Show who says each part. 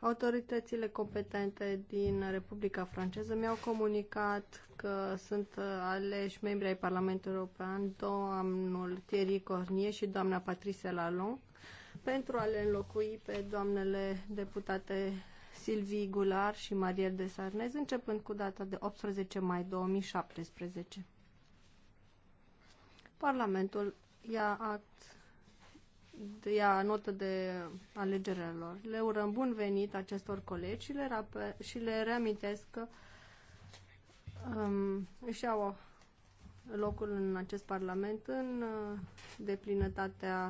Speaker 1: Autoritățile competente din Republica Franceză mi-au comunicat că sunt aleși membri ai Parlamentului European domnul Thierry Cornier și doamna Patrice Lalon pentru a le înlocui pe doamnele deputate Silvii Gular și Mariel de Sarnez, începând cu data de 18 mai 2017. Parlamentul ia act de ia notă de alegerile lor. Le urăm bun venit acestor colegi și le, rape, și le reamintesc că um, își au locul în acest parlament în
Speaker 2: uh, deplinătatea